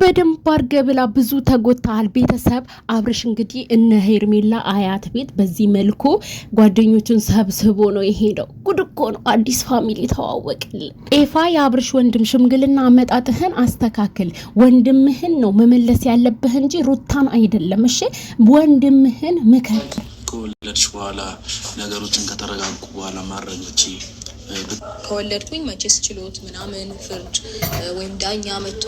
በደንብ አድርገህ ብላ ብዙ ተጎታሃል። ቤተሰብ አብርሽ እንግዲህ እነ ሄርሜላ አያት ቤት በዚህ መልኩ ጓደኞቹን ሰብስቦ ነው የሄደው። ጉድ እኮ ነው። አዲስ ፋሚሊ ተዋወቅልን። ኤፋ የአብርሽ ወንድም ሽምግልና አመጣጥህን አስተካክል። ወንድምህን ነው መመለስ ያለብህ እንጂ ሩታን አይደለም። እሺ ወንድምህን ምከር። ከወለደች በኋላ ነገሮችን ከተረጋጉ በኋላ ማድረግ ከወለድኩኝ መቼስ ችሎት ምናምን ፍርድ ወይም ዳኛ መጥቶ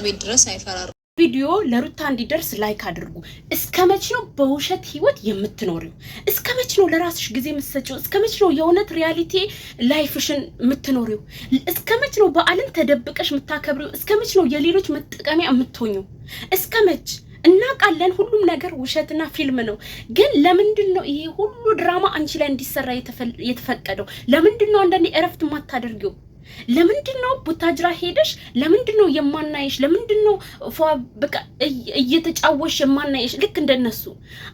እቤት ድረስ አይፈራርም። ቪዲዮ ለሩታ እንዲደርስ ላይክ አድርጉ። እስከ መቼ ነው በውሸት ህይወት የምትኖሪው? እስከ መቼ ነው ለራስሽ ጊዜ የምትሰጪው? እስከ መቼ ነው የእውነት ሪያሊቲ ላይፍሽን የምትኖሪው? እስከ መቼ ነው በዓልን ተደብቀሽ የምታከብሪው? እስከ መቼ ነው የሌሎች መጠቀሚያ የምትሆኙ? እስከ መቼ እናውቃለን፣ ሁሉም ነገር ውሸትና ፊልም ነው። ግን ለምንድን ነው ይሄ ሁሉ ድራማ አንቺ ላይ እንዲሰራ የተፈቀደው? ለምንድን ነው አንዳንዴ እረፍት የማታደርጊው? ለምንድን ነው ቡታጅራ ሄደሽ? ለምንድን ነው የማናየሽ? ለምንድን ነው በቃ እየተጫወሽ የማናየሽ? ልክ እንደነሱ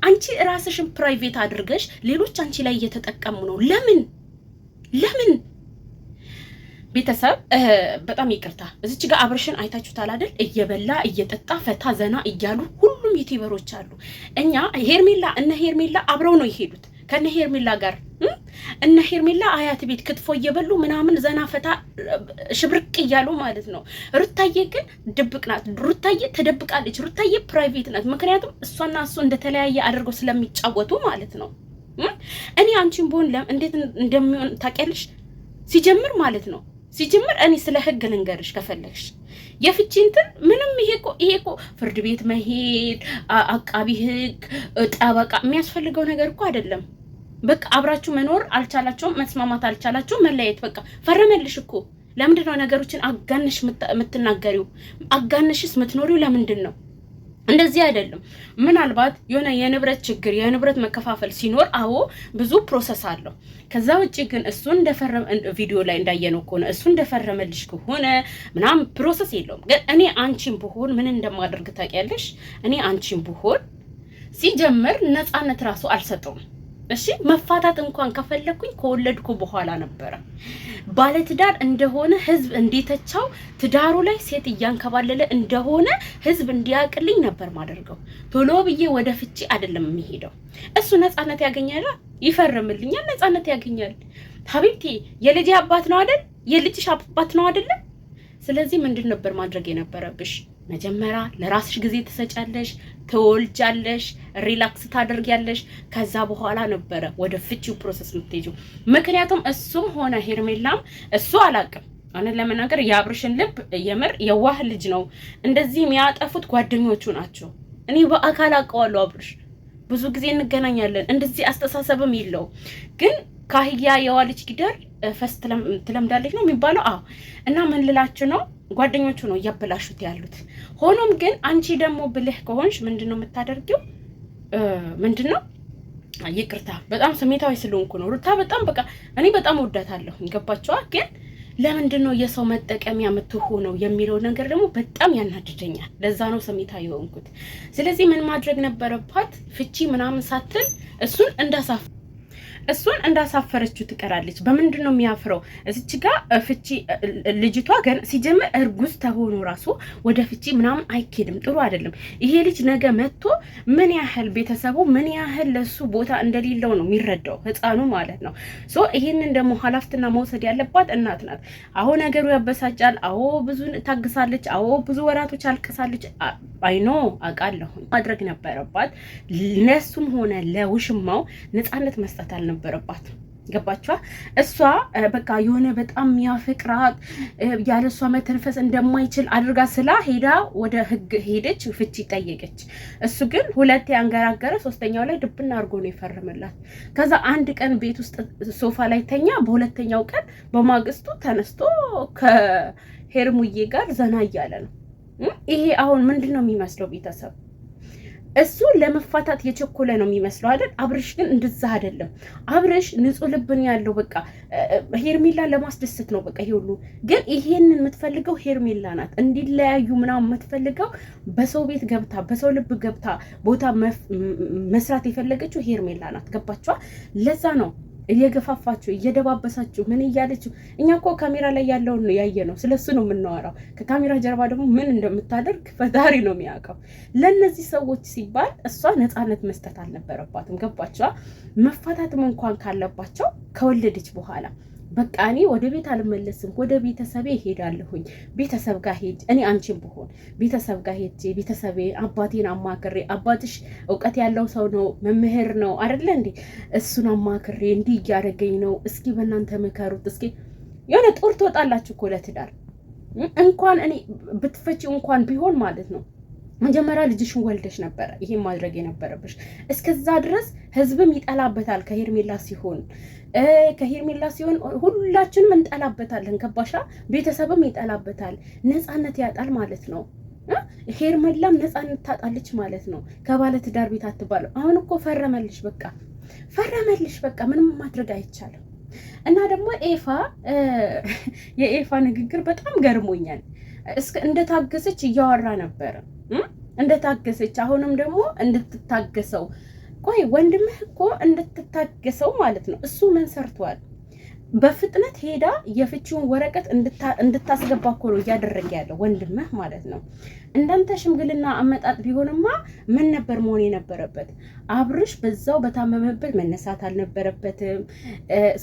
አንቺ ራስሽን ፕራይቬት አድርገሽ ሌሎች አንቺ ላይ እየተጠቀሙ ነው። ለምን ለምን ቤተሰብ በጣም ይቅርታ፣ እዚች ጋር አብርሽን አይታችሁታል አይደል? እየበላ እየጠጣ ፈታ ዘና እያሉ ሁሉም ዩቲዩበሮች አሉ። እኛ ሄርሜላ እነ ሄርሜላ አብረው ነው የሄዱት ከነ ሄርሜላ ጋር እነ ሄርሜላ አያት ቤት ክትፎ እየበሉ ምናምን ዘና ፈታ ሽብርቅ እያሉ ማለት ነው። ሩታዬ ግን ድብቅ ናት። ሩታዬ ተደብቃለች። ሩታዬ ፕራይቬት ናት። ምክንያቱም እሷና እሱ እንደተለያየ አድርገው ስለሚጫወቱ ማለት ነው። እኔ አንቺን በሆን እንዴት እንደሚሆን ታውቂያለሽ? ሲጀምር ማለት ነው ሲጀምር እኔ ስለ ህግ ልንገርሽ ከፈለግሽ የፍቺ እንትን ምንም ይሄ እኮ ይሄ እኮ ፍርድ ቤት መሄድ አቃቢ ህግ ጠበቃ የሚያስፈልገው ነገር እኮ አይደለም። በቃ አብራችሁ መኖር አልቻላችሁም፣ መስማማት አልቻላችሁም፣ መለያየት በቃ ፈረመልሽ እኮ። ለምንድን ነው ነገሮችን አጋንሽ የምትናገሪው? አጋንሽስ የምትኖሪው ለምንድን ነው? እንደዚህ አይደለም። ምናልባት የሆነ የንብረት ችግር የንብረት መከፋፈል ሲኖር አዎ ብዙ ፕሮሰስ አለው። ከዛ ውጭ ግን እሱ እንደፈረመ ቪዲዮ ላይ እንዳየነው ከሆነ እሱ እንደፈረመልሽ ከሆነ ምናምን ፕሮሰስ የለውም። ግን እኔ አንቺን ብሆን ምን እንደማደርግ ታውቂያለሽ? እኔ አንቺን ብሆን ሲጀምር ነፃነት ራሱ አልሰጠውም። እሺ መፋታት እንኳን ከፈለኩኝ ከወለድኩ በኋላ ነበረ። ባለትዳር እንደሆነ ህዝብ እንዲተቻው ትዳሩ ላይ ሴት እያንከባለለ እንደሆነ ህዝብ እንዲያቅልኝ ነበር ማደርገው። ቶሎ ብዬ ወደ ፍቺ አይደለም የሚሄደው። እሱ ነፃነት ያገኛል፣ ይፈርምልኛል፣ ነፃነት ያገኛል። ሀቢብቲ የልጅ አባት ነው አይደል? የልጅሽ አባት ነው አይደለም? ስለዚህ ምንድን ነበር ማድረግ የነበረብሽ? መጀመሪያ ለራስሽ ጊዜ ትሰጫለሽ፣ ትወልጃለሽ፣ ሪላክስ ታደርጊያለሽ። ከዛ በኋላ ነበረ ወደ ፍቺው ፕሮሰስ የምትሄጂው። ምክንያቱም እሱም ሆነ ሄርሜላም እሱ አላቅም እውነት ለመናገር የአብርሽን ልብ የምር የዋህ ልጅ ነው። እንደዚህ የሚያጠፉት ጓደኞቹ ናቸው። እኔ በአካል አውቀዋለሁ። አብርሽ ብዙ ጊዜ እንገናኛለን። እንደዚህ አስተሳሰብም የለውም ግን ካህያ የዋለች ጊደር ፈስ ትለምዳለች ነው የሚባለው። አዎ እና ምን ልላችሁ ነው ጓደኞቹ ነው እያበላሹት ያሉት። ሆኖም ግን አንቺ ደግሞ ብልህ ከሆንሽ ምንድን ነው የምታደርጊው? ምንድን ነው ይቅርታ፣ በጣም ስሜታዊ ስለሆንኩ ነው ሩታ። በጣም በቃ እኔ በጣም ወዳታለሁ፣ ገባችኋ? ግን ለምንድን ነው የሰው መጠቀሚያ የምትሆነው የሚለው ነገር ደግሞ በጣም ያናድደኛል። ለዛ ነው ስሜታዊ የሆንኩት። ስለዚህ ምን ማድረግ ነበረባት? ፍቺ ምናምን ሳትል እሱን እንዳሳፍ እሱን እንዳሳፈረችው ትቀራለች። በምንድን ነው የሚያፍረው? እዚች ጋ ፍቺ ልጅቷ ገና ሲጀምር እርጉዝ ተሆኖ ራሱ ወደ ፍቺ ምናምን አይኬድም፣ ጥሩ አይደለም። ይሄ ልጅ ነገ መጥቶ ምን ያህል ቤተሰቡ ምን ያህል ለሱ ቦታ እንደሌለው ነው የሚረዳው ህፃኑ ማለት ነው። ሶ ይህንን ደግሞ ሀላፍትና መውሰድ ያለባት እናት ናት። አዎ ነገሩ ያበሳጫል። አዎ ብዙ ታግሳለች። አዎ ብዙ ወራቶች አልቅሳለች። አይኖ አውቃለሁ። ማድረግ ነበረባት ለሱም ሆነ ለውሽማው ነፃነት መስጠት አለ ነበረባት። ገባችኋ? እሷ በቃ የሆነ በጣም የሚያፈቅራት ያለ እሷ መተንፈስ እንደማይችል አድርጋ ስላ ሄዳ ወደ ህግ ሄደች፣ ፍቺ ጠየቀች። እሱ ግን ሁለቴ አንገራገረ፣ ሶስተኛው ላይ ድብና አድርጎ ነው የፈረመላት። ከዛ አንድ ቀን ቤት ውስጥ ሶፋ ላይ ተኛ። በሁለተኛው ቀን በማግስቱ ተነስቶ ከሄርሙዬ ጋር ዘና እያለ ነው። ይሄ አሁን ምንድን ነው የሚመስለው ቤተሰብ እሱ ለመፋታት የቸኮለ ነው የሚመስለው አይደል? አብርሽ ግን እንደዛ አይደለም። አብርሽ ንጹህ ልብን ያለው በቃ ሄርሜላ ለማስደሰት ነው በቃ ይሄ ሁሉ። ግን ይሄንን የምትፈልገው ሄርሜላ ናት፣ እንዲለያዩ ምናምን የምትፈልገው በሰው ቤት ገብታ በሰው ልብ ገብታ ቦታ መስራት የፈለገችው ሄርሜላ ናት። ገባችኋል? ለዛ ነው እየገፋፋችሁ እየደባበሳችሁ ምን እያለችው። እኛ እኮ ካሜራ ላይ ያለውን ያየ ነው፣ ስለሱ ነው የምናወራው። ከካሜራ ጀርባ ደግሞ ምን እንደምታደርግ ፈጣሪ ነው የሚያውቀው። ለእነዚህ ሰዎች ሲባል እሷ ነፃነት መስጠት አልነበረባትም። ገባችኋ? መፋታትም እንኳን ካለባቸው ከወለደች በኋላ በቃ እኔ ወደ ቤት አልመለስም፣ ወደ ቤተሰቤ ሄዳለሁኝ። ቤተሰብ ጋር ሄድ እኔ አንቺን ብሆን ቤተሰብ ጋር ሄጄ ቤተሰቤ አባቴን አማክሬ አባትሽ እውቀት ያለው ሰው ነው፣ መምህር ነው አይደለ እንዴ? እሱን አማክሬ እንዲህ እያደረገኝ ነው፣ እስኪ በእናንተ ምከሩት። እስኪ የሆነ ጦር ትወጣላችሁ እኮ ለትዳር እንኳን እኔ ብትፈጪው እንኳን ቢሆን ማለት ነው መጀመሪያ ልጅሽን ወልደሽ ነበረ ይሄን ማድረግ የነበረብሽ። እስከዛ ድረስ ህዝብም ይጠላበታል ከሄርሜላ ሲሆን ከሄርሜላ ሲሆን ሁላችንም እንጠላበታለን። ከባሻ ቤተሰብም ይጠላበታል። ነፃነት ያጣል ማለት ነው። ሄርሜላም ነፃነት ታጣለች ማለት ነው። ከባለትዳር ቤት አትባለው። አሁን እኮ ፈረመልሽ፣ በቃ ፈረመልሽ፣ በቃ ምንም ማድረግ አይቻልም። እና ደግሞ ኤፋ የኤፋ ንግግር በጣም ገርሞኛል። እንደታገሰች እያወራ ነበረ እንደታገሰች አሁንም ደግሞ እንድትታገሰው ቆይ ወንድምህ እኮ እንድትታገሰው ማለት ነው። እሱ ምን ሰርቷል? በፍጥነት ሄዳ የፍቺውን ወረቀት እንድታስገባ እኮ ነው እያደረገ ያለው ወንድምህ ማለት ነው። እንዳንተ ሽምግልና አመጣጥ ቢሆንማ ምን ነበር መሆን የነበረበት? አብርሽ በዛው በታመመበት መነሳት አልነበረበትም።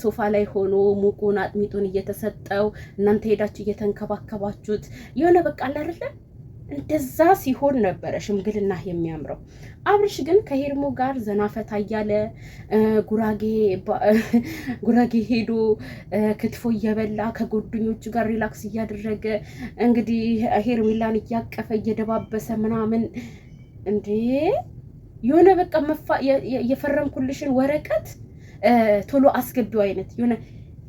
ሶፋ ላይ ሆኖ ሙቁን አጥሚጡን እየተሰጠው እናንተ ሄዳችሁ እየተንከባከባችሁት የሆነ በቃ አላደለም እንደዛ ሲሆን ነበረ ሽምግልና የሚያምረው። አብርሽ ግን ከሄርሞ ጋር ዘናፈታ እያለ ጉራጌ ሄዶ ክትፎ እየበላ ከጓደኞቹ ጋር ሪላክስ እያደረገ እንግዲህ ሄርሜላን እያቀፈ እየደባበሰ ምናምን እንዴ የሆነ በቃ የፈረምኩልሽን ወረቀት ቶሎ አስገቢው አይነት የሆነ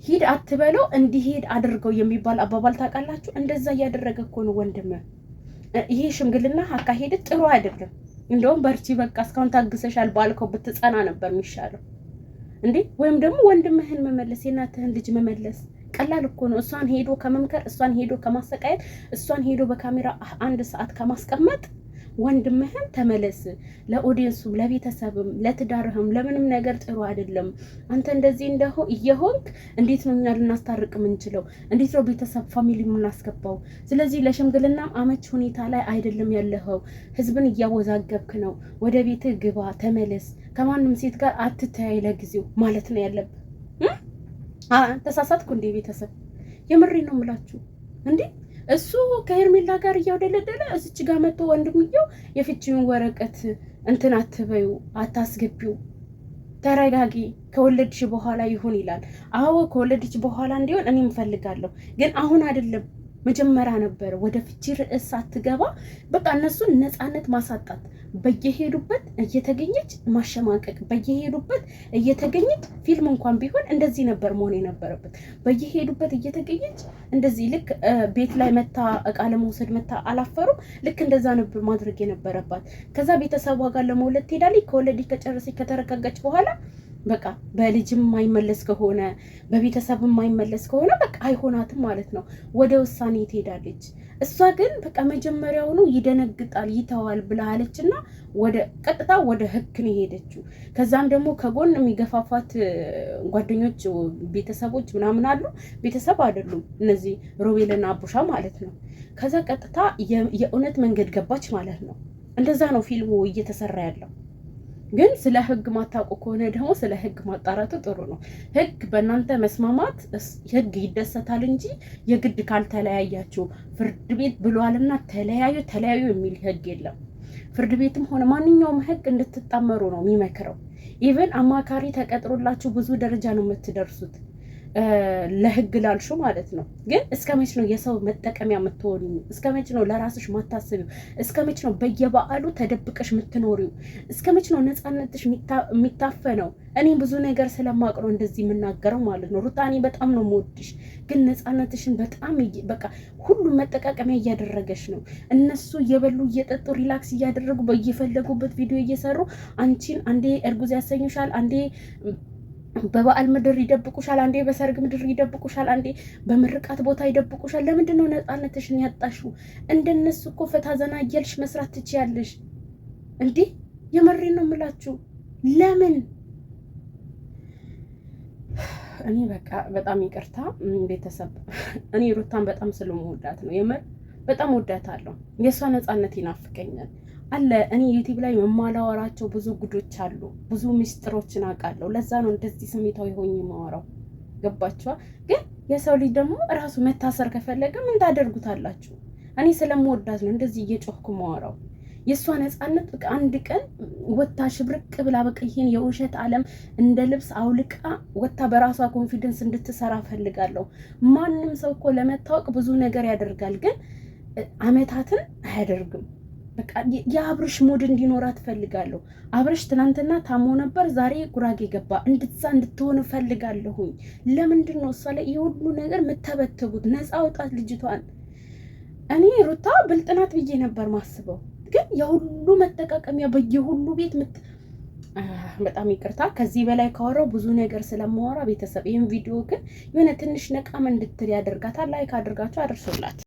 ሂድ አትበለው እንዲሄድ አድርገው የሚባል አባባል ታውቃላችሁ። እንደዛ እያደረገ እኮ ነው ወንድም ይሄ ሽምግልና አካሄድ ጥሩ አይደለም። እንደውም በርቺ በቃ እስካሁን ታግሰሻል ባልከው ብትጸና ነበር የሚሻለው እንዴ። ወይም ደግሞ ወንድምህን መመለስ የእናትህን ልጅ መመለስ ቀላል እኮ ነው። እሷን ሄዶ ከመምከር፣ እሷን ሄዶ ከማሰቃየት፣ እሷን ሄዶ በካሜራ አንድ ሰዓት ከማስቀመጥ ወንድምህም ተመለስ። ለኦዲየንሱም፣ ለቤተሰብም፣ ለትዳርህም ለምንም ነገር ጥሩ አይደለም። አንተ እንደዚህ እንደሆ እየሆንክ እንዴት ነው እኛ ልናስታርቅ የምንችለው? እንዴት ነው ቤተሰብ ፋሚሊ የምናስገባው? ስለዚህ ለሽምግልናም አመች ሁኔታ ላይ አይደለም ያለኸው። ህዝብን እያወዛገብክ ነው። ወደ ቤትህ ግባ፣ ተመለስ። ከማንም ሴት ጋር አትተያይ ለጊዜው ማለት ነው ያለብህ። ተሳሳትኩ እንዴ? ቤተሰብ የምሬ ነው የምላችሁ እንዴ እሱ ከሄርሜላ ጋር እያውደለደለ እዚች ጋር መጥቶ ወንድምየው የፍቺውን ወረቀት እንትን አትበዩ፣ አታስገቢው፣ ተረጋጊ፣ ከወለድሽ በኋላ ይሁን ይላል። አዎ ከወለድሽ በኋላ እንዲሆን እኔ እፈልጋለሁ፣ ግን አሁን አይደለም መጀመሪያ ነበር ወደ ፍቺ ርዕስ አትገባ በቃ እነሱን ነፃነት ማሳጣት፣ በየሄዱበት እየተገኘች ማሸማቀቅ፣ በየሄዱበት እየተገኘች ፊልም እንኳን ቢሆን እንደዚህ ነበር መሆን የነበረበት። በየሄዱበት እየተገኘች እንደዚህ ልክ ቤት ላይ መታ እቃ ለመውሰድ መታ አላፈሩም። ልክ እንደዛ ነበር ማድረግ የነበረባት። ከዛ ቤተሰቧ ጋር ለመውለድ ትሄዳለች። ከወለደች ከጨረሰች ከተረጋጋች በኋላ በቃ በልጅም የማይመለስ ከሆነ በቤተሰብ የማይመለስ ከሆነ በቃ አይሆናትም ማለት ነው። ወደ ውሳኔ ትሄዳለች። እሷ ግን በቃ መጀመሪያውኑ ይደነግጣል ይተዋል ብላለች እና ወደ ቀጥታ ወደ ህግ ነው የሄደችው። ከዛም ደግሞ ከጎን የሚገፋፋት ጓደኞች፣ ቤተሰቦች ምናምን አሉ። ቤተሰብ አይደሉም እነዚህ ሮቤልና አቡሻ ማለት ነው። ከዛ ቀጥታ የእውነት መንገድ ገባች ማለት ነው። እንደዛ ነው ፊልሙ እየተሰራ ያለው። ግን ስለ ህግ ማታውቁ ከሆነ ደግሞ ስለ ህግ ማጣራቱ ጥሩ ነው። ህግ በእናንተ መስማማት ህግ ይደሰታል እንጂ የግድ ካልተለያያችሁ ፍርድ ቤት ብሏልና ተለያዩ ተለያዩ የሚል ህግ የለም። ፍርድ ቤትም ሆነ ማንኛውም ህግ እንድትጣመሩ ነው የሚመክረው። ኢቨን አማካሪ ተቀጥሮላችሁ ብዙ ደረጃ ነው የምትደርሱት። ለህግ ላልሹ ማለት ነው። ግን እስከ መች ነው የሰው መጠቀሚያ የምትሆኑ? እስከ መች ነው ለራስሽ ማታስቢው? እስከ መች ነው በየበዓሉ ተደብቀሽ የምትኖሪው? እስከ መች ነው ነፃነትሽ የሚታፈነው? እኔ ብዙ ነገር ስለማቅ ነው እንደዚህ የምናገረው ማለት ነው። ሩታ በጣም ነው የምወድሽ፣ ግን ነፃነትሽን በጣም በቃ ሁሉም መጠቃቀሚያ እያደረገሽ ነው። እነሱ እየበሉ እየጠጡ ሪላክስ እያደረጉ በየፈለጉበት ቪዲዮ እየሰሩ አንቺን አንዴ እርጉዝ ያሰኙሻል አንዴ በበዓል ምድር ይደብቁሻል፣ አንዴ በሰርግ ምድር ይደብቁሻል፣ አንዴ በምርቃት ቦታ ይደብቁሻል። ለምንድን ነው ነፃነትሽን ያጣሽው? እንደነሱ እኮ ፈታ ዘና እያልሽ መስራት ትችያለሽ። እንዴ የመሬ ነው የምላችሁ። ለምን እኔ በቃ በጣም ይቅርታ ቤተሰብ፣ እኔ ሩታን በጣም ስለምወዳት ነው የምር በጣም ወዳታለሁ። የእሷ ነፃነት ይናፍቀኛል። አለ እኔ ዩቲብ ላይ የማላወራቸው ብዙ ጉዶች አሉ። ብዙ ሚስጥሮችን አውቃለሁ። ለዛ ነው እንደዚህ ስሜታዊ ሆኝ የማወራው። ገባችኋ? ግን የሰው ልጅ ደግሞ እራሱ መታሰር ከፈለገ ምን ታደርጉታላችሁ? እኔ ስለምወዳት ነው እንደዚህ እየጮህኩ ማወራው። የእሷ ነፃነት በቃ አንድ ቀን ወታ ሽብርቅ ብላ በቃ ይሄን የውሸት ዓለም እንደ ልብስ አውልቃ ወታ በራሷ ኮንፊደንስ እንድትሰራ ፈልጋለሁ። ማንም ሰው እኮ ለመታወቅ ብዙ ነገር ያደርጋል፣ ግን አመታትን አያደርግም። በቃ የአብርሽ ሙድ እንዲኖራት ፈልጋለሁ። አብርሽ ትናንትና ታሞ ነበር፣ ዛሬ ጉራጌ ገባ። እንድትዛ እንድትሆን ፈልጋለሁኝ። ለምንድን ነው እሷ ላይ የሁሉ ነገር የምተበትቡት? ነፃ አውጣት ልጅቷን። እኔ ሩታ ብልጥናት ብዬ ነበር ማስበው፣ ግን የሁሉ መጠቃቀሚያ በየሁሉ ቤት ምት በጣም ይቅርታ ከዚህ በላይ ካወራው ብዙ ነገር ስለማወራ ቤተሰብ፣ ይህም ቪዲዮ ግን የሆነ ትንሽ ነቃም እንድትል ያደርጋታል። ላይክ አድርጋችሁ አድርሶላት